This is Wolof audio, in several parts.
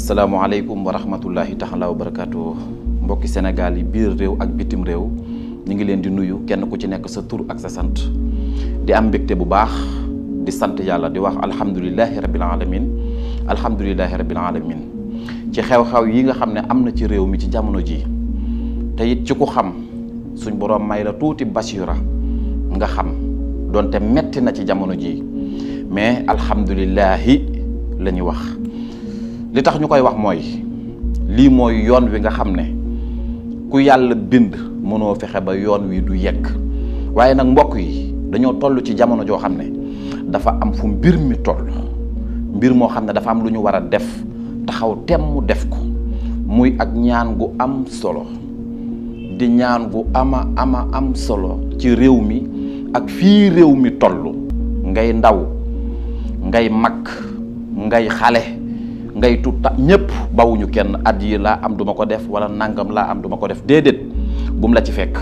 Assalamualaikum warahmatullahi taala wabarakatuh. barakaatu mbokki Sénégal yi biir réew ak bitim réew ñu ngi leen di nuyu kenn ku ci nekk sa ak sa di am mbégte bu baax di sant yàlla di wax alhamdulilahi rabil alamin alhamdulilahi rabil alamin ci xew-xew yi nga ne ci réew mi ci jamono ji te ci ku xam suñ boroom may la tuuti basira nga xam donte metti na ci jamono ji mais wax li tax ñu koy wax mooy lii mooy yoon wi nga xam ne ku yàlla bind mënoo fexe ba yoon wi du yegg waaye nag mbokk yi dañoo toll ci jamono joo xam ne dafa am fu mbir mi toll mbir moo xam ne dafa am lu ñu war a def taxaw tem temm def ko muy ak ñaan gu am solo di ñaan gu ama ama am solo ci réew mi ak fii réew mi tollu ngay ndaw ngay mag ngay xale ngay tut ta ñëpp bawuñu kenn at yi laa am duma ko def wala nangam laa am duma ko def déedéet bum la ci fekk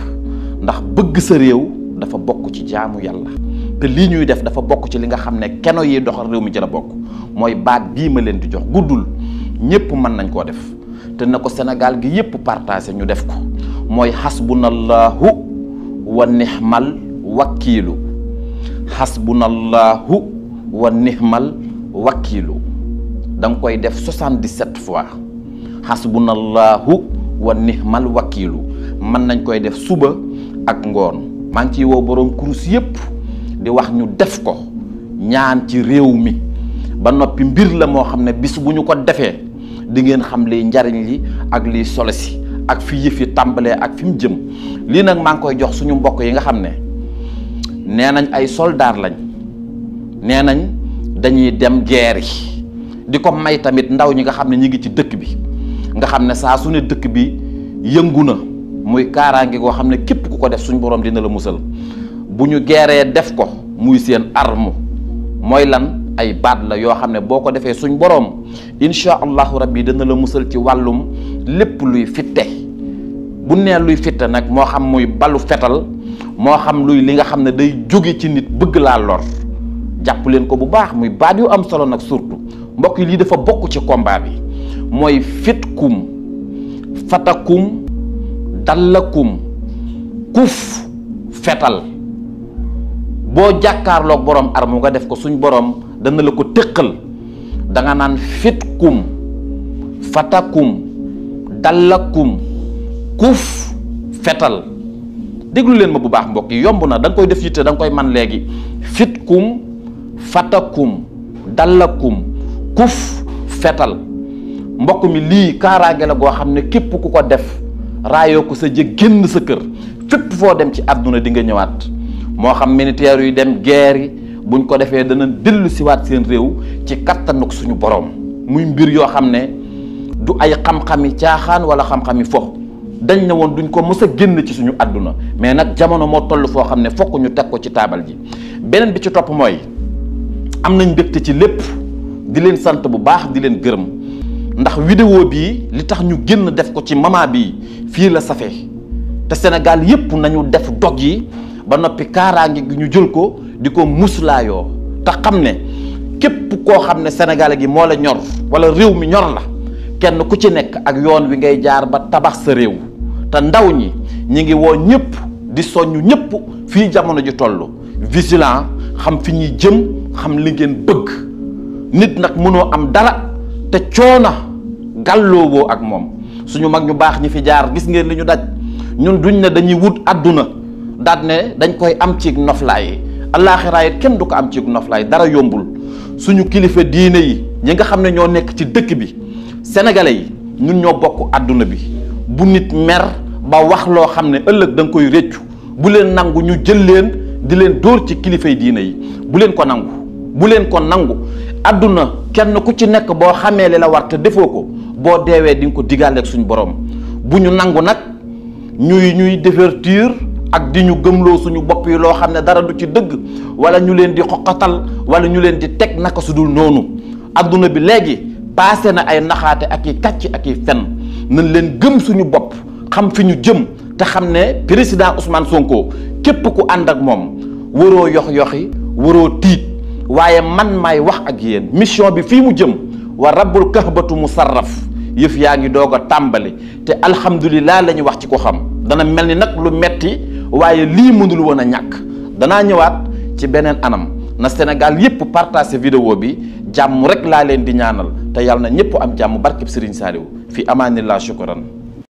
ndax bëgg sa réew dafa bokk ci jaamu yàlla te lii ñuy def dafa bokk ci li nga xam ne keno yi doxal réew mi ci la bokk mooy baat bii ma leen di jox guddul ñëpp mën nañ koo def te na ko senegal gi yëpp partagé ñu def ko mooy bu xasbunallahu wa nihmal wakkiilu xasbunallahu wa nihmal wakkiilu danga koy def 77 fois bu na xasbunallahu wa nihmal wakiilu mën nañ koy def suba ak ngoon maa ngi ciy woo boroom kurus yépp di wax ñu def ko ñaan ci réew mi ba noppi mbir la moo xam ne bis bu ñu ko defee di ngeen xam liy njariñ li ak liy solo si ak fi yëf yi tàmbalee ak fi mu jëm lii nag maa ngi koy jox suñu mbokk yi nga xam ne nee nañ ay soldaar lañ nee nañ dañuy dem guerre yi di ko may tamit ndaw ñi nga xam ne ñi ngi ci dëkk bi nga xam ne saa su ne dëkk bi yëngu na muy kaaraange goo xam ne képp ku ko def suñ borom dina la musal bu ñu geeree def ko muy seen arme mooy lan ay baat la yoo xam ne boo ko defee suñ borom incha allahu rabbi dana la musal ci wàllum lépp luy fitte bu nee luy fitte nag moo xam muy balu fetal moo xam luy li nga xam ne day jóge ci nit bëgg laa lor jàpp leen ko bu baax muy baat yu am solo nag surtout mbokk yi lii dafa bokk ci combat bi fitkum fatakum dalakum, kuf fetal boo jàkkaarloog borom armu nga def ko suñ borom dana la ko tëqal da nga fitkum fatakum dalakum, kuf fetal déglu leen ma bu baax mbokk yi yomb na da koy def yitte koy man legi fitkum fatakum dalakum. kuf fetal mbokk mi lii kaaraange la goo xam ne képp ku ko def raayoo ko sa jë génn sa kër fépp foo dem ci àdduna di nga ñëwaat moo xam militaire yu dem guerre buñ ko defee dana dellu siwaat seen réew ci kattanuk suñu borom muy mbir yoo xam ne du ay xam-xami caaxaan wala xam-xami fo dañ ne woon duñ ko mës a génn ci suñu àdduna mais nag jamono moo toll foo xam ne fokk ñu teg ko ci taabal ji beneen bi ci topp mooy am nañ mbégte ci lépp di leen sant bu baax di leen gërëm ndax vidéo bii li tax ñu génn def ko ci mama bi fii la safee te senegal yépp nañu def dog yi ba noppi kaaraange gi ñu jël ko di ko muslaayoo te xam ne képp koo xam ne Sénégal gi moo la ñor wala réew mi ñor la kenn ku ci nekk ak yoon wi ngay jaar ba tabax sa réew te ndaw ñi ñu ngi woon ñëpp di soññu ñëpp fii jamono ji toll vigilant xam fi ñuy jëm xam li ngeen bëgg nit nag mënoo am dara te coona gàllooboo ak moom suñu mag ñu baax ñi fi jaar gis ngeen li ñu daj ñun duñ ne dañuy wut àdduna daat ne dañ koy am ci noflaay allaaxiraa it kenn du ko am ci noflaay dara yombul suñu kilifa diine yi ñi nga xam ne ñoo nekk ci dëkk bi sénégalais yi ñun ñoo bokk àdduna bi bu nit mer ba wax loo xam ne ëllëg da nga koy réccu bu leen nangu ñu jël leen di leen dóor ci kilifay diine yi bu leen ko nangu bu leen ko nangu àdduna kenn ku ci nekk boo xamee li la war te defoo ko boo deewee di nga ko digaaleeg suñu borom bu ñu nangu nag ñuy ñuy divertir ak di ñu gëmloo suñu bopp yi loo xam ne dara du ci dëgg wala ñu leen di xoqatal wala ñu leen di teg naka su dul noonu adduna bi léegi paase na ay naxaate ak yi kàcc ak i fen nañ leen gëm suñu bopp xam fi ñu jëm te xam ne président Ousmane Sonko képp ku ànd ak moom waroo yox yoxi waroo tiit. waaye man maay wax ak yéen mission bi fii mu jëm wa rabbul kahbatu musarraf yëf yaa ngi doog a tàmbali te alhamdulilah la wax ci ko xam dana mel ni nag lu metti waaye lii mënul woon a ñàkk danaa ñëwaat ci beneen anam na Sénégal yëpp partagé video bi jàmm rek laa leen di ñaanal te yàlla na ñëpp am jàmm barkeb Serigne Saliou fi amaanillah shukran